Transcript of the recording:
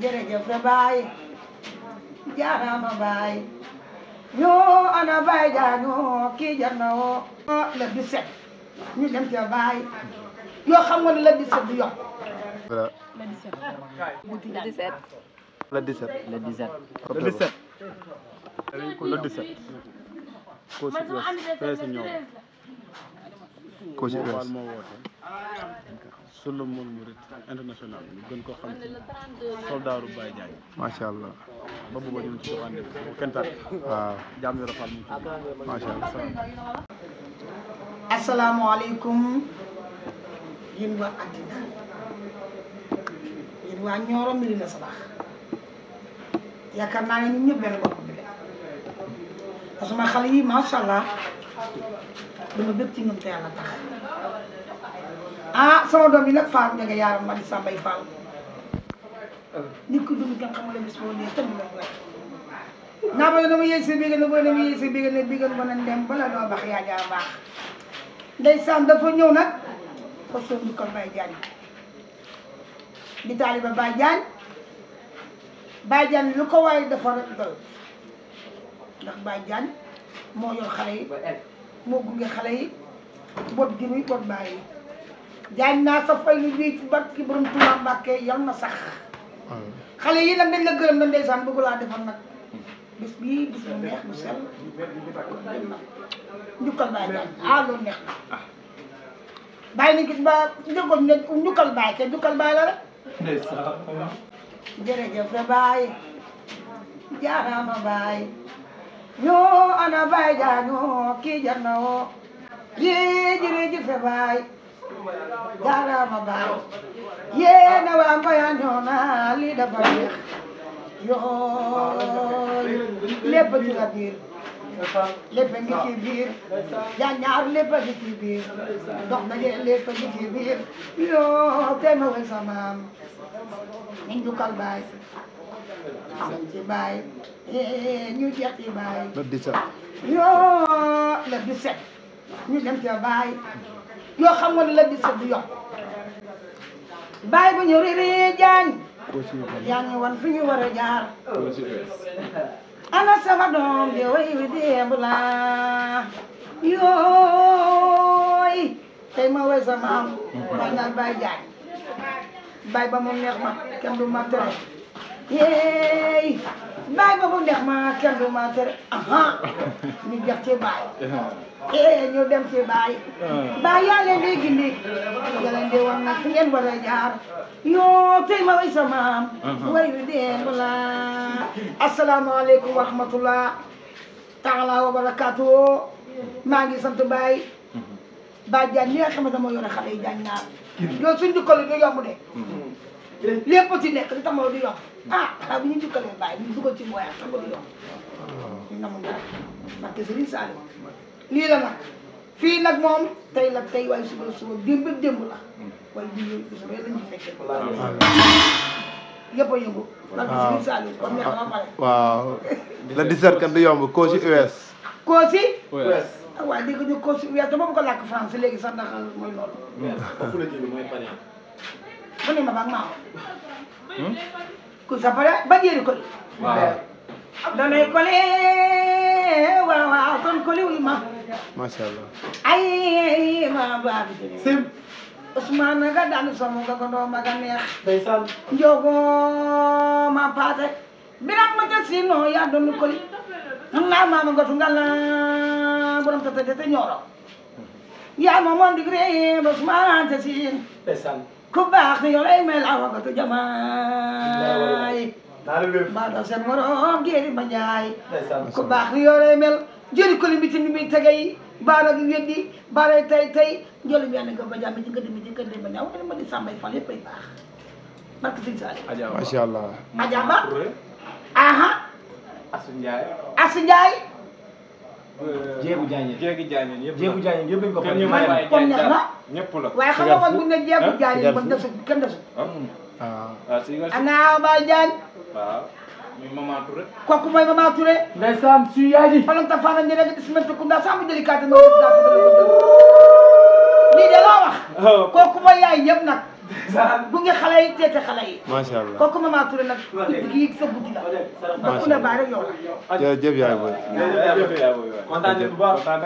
jërëjëf re baay jaaraama baay yoo ana baay daanoo kii jar na woo le 17 ñu dem ca baay yoo xam nga ne le 17 du yokk le 17 le 17 le 17 le 17 le 17 le 17 ko si ñëw ko si sunu moom murit international ñu gën koo xam ci soldaaru Baye Diagne. macha allah. ba bëgg a ñu ci doxaan def bu kenn tàkk. waaw jaam yu rafet mu ci macha allah. asalaamaaleykum yéen waa àddina yéen waa Nioro Médina Sabakh yaakaar naa ne ñun ñëpp benn bopp bi de parce que ma xale yi macha allah dama bëgg ci ñoom te yàlla tax. ah sama doom yi nag faal nga yaaram ma di sàmbay faal nit ko dugg jàng bis boo dee tëdd la nag naa ba dama yéeg sa bigal boo dama yéeg sa bigal ne bigal ba nañ dem dafa ko di ko Baye di taaliba Baye Diagne Baye Diagne lu ko waaye dafa rek doy ndax Baye Diagne moo yor xale yi moo gunge bot gi muy bot jaañ naa sa fay lu bii ci barki borom Tuubaa Mbàkke na sax xale yi nag dañ la gërëm na ndeysaan bëgg laa defal nag bis bis bu neex bu sell njukkal baay jaañ ah loolu neex na bàyyi nañ gis ba déggoon baay te njukkal baay la rek jërëjëf da baay jaaraama baay ñoo ana baay jaañoo kii jar na woo yee jërëjëf baay jaaraama baay yéena waa Ngoyane ñoo naa lii dafa neex yooyu lépp ci la biir lépp ngi ci biir ja ñaar lépp ngi ci biir dox daje lépp ngi ci biir yoo tey ma wël sa maam ñu njukkal baay am ci baay ñu jeex ci baay le 17 yoo le 17 ñu dem ca baay yoo xam nga ne la di sëdd bu ñu riree jaañ yaa ngi wan fi ñu war a jaar ana sama doom de way wi démb laa yooy tey ma way sama am ma jaañ bàyyi ba mu neex ma kenn du ma tere yeey bàyyi ba mu neex ma kenn du ma tere aha ñu jox ci bàyyi ee eh, ñu dem ci bàyyi ah. bàyyi yaa leen di gindi yaa leen di wan na fi ngeen war a jaar yoo tey ma way sa maam way wi démb la asalaamaaleykum wa rahmatullah taala wa barakaatu maa ngi sant bàyyi mhm. bàyyi jaan ñi nga xamante moo yore xale yi jaan naar yoo suñ dukkale du yomb de mhm. lépp ci nekk li tax moo du yomb ah xanaa ah, bu ñu jukkalee bàyyi ñu dugal ci voyage sax ba du yomb ñu namul dara parce que Serigne Saliou lii la nag fii nag moom tey la tey waaye suba suba démb démb la waaye bi yooyu bis yooyu lañu fekkee yëpp a yëngu parce que Serigne Saliou comme neex na pare waaw la dessert kan du yomb Kossy US Kossy US ah waaye dégg nga Kossy US dama bëgg ko làkk français léegi sax ndax mooy loolu. waaw kooku la jëlee mooy pare. ma ne ma ba ak maa kusapara bajeeri koli danay kole waaw ma macha allah ay ma baax sim Ousmane nga daan somu nga ko ndoo maga neex njogo ma paate biram ma ca sino yaa doon koli nan naa maama nga tu te ñoro ku baax ni a lay mel awagatu jamaay baata seen morom géeri ma njaay ku baax ni yow lay mel jëri ko li mi tindi mi tegay baala gi weddi baala tay tay jolu mi yàlla nga ba jàmm ci ngëdd mi ci ngëdd ma ñaaw ma di sàmbay fal yëpp ay baax barke sëñ Saali macha allah aha asu njaay jéegu jaañeen jéegu jaañeen yëpp la jéegu jaañeen yëpp lañ ko fa man kon neex na ñëpp la waaye xam nga kon bu ne jéegu ah, jaañeen kon desul kenn desul waaw ah. ah, ana ba jaañ waaw muy Maman Touré kooku mooy Maman Touré ndeysaan su yaay ji falanta faana ne rek ismette ku ndaa sambu délicat no lii de laa wax oh. kooku mooy yaay yëpp nag bu nga xale yi teete xale yi. macha allah kooku maman Touré nag. kii sa guddi la. macha allah ba ku ne baa rek yow la. jërëjëf yaay booy. kontaan nañu bu baax